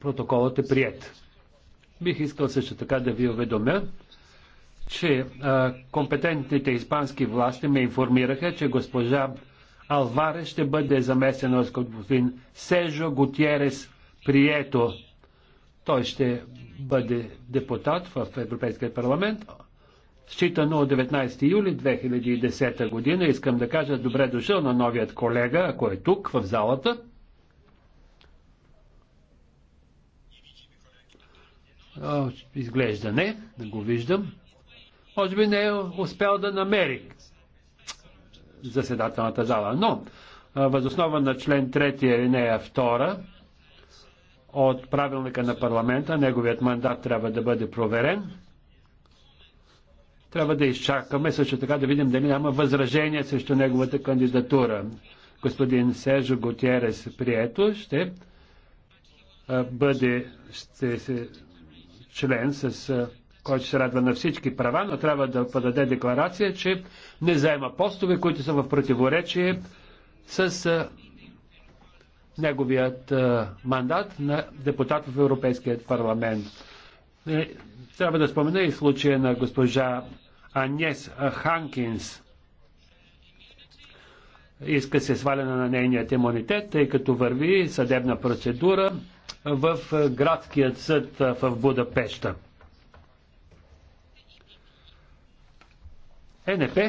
протоколът е прият. Бих искал също така да ви уведомя, че а, компетентните испански власти ме информираха, че госпожа Алваре ще бъде замесена с господин Сежо Гутиерес Прието. Той ще бъде депутат в Европейския парламент, считано от 19 юли 2010 година. Искам да кажа добре дошъл на новият колега, ако е тук в залата. изглежда не, да го виждам. Може би не е успял да намери заседателната зала. Но, възоснова на член 3 или алинея 2 от правилника на парламента, неговият мандат трябва да бъде проверен. Трябва да изчакаме също така да видим дали няма възражение срещу неговата кандидатура. Господин Сержо Готиерес прието ще бъде, ще се член, с който се радва на всички права, но трябва да подаде декларация, че не заема постове, които са в противоречие с неговият мандат на депутат в Европейският парламент. Е, трябва да спомена и случая на госпожа Анес Ханкинс. Иска се сваляне на нейният имунитет, тъй като върви съдебна процедура в градският съд в Будапешта. ЕНП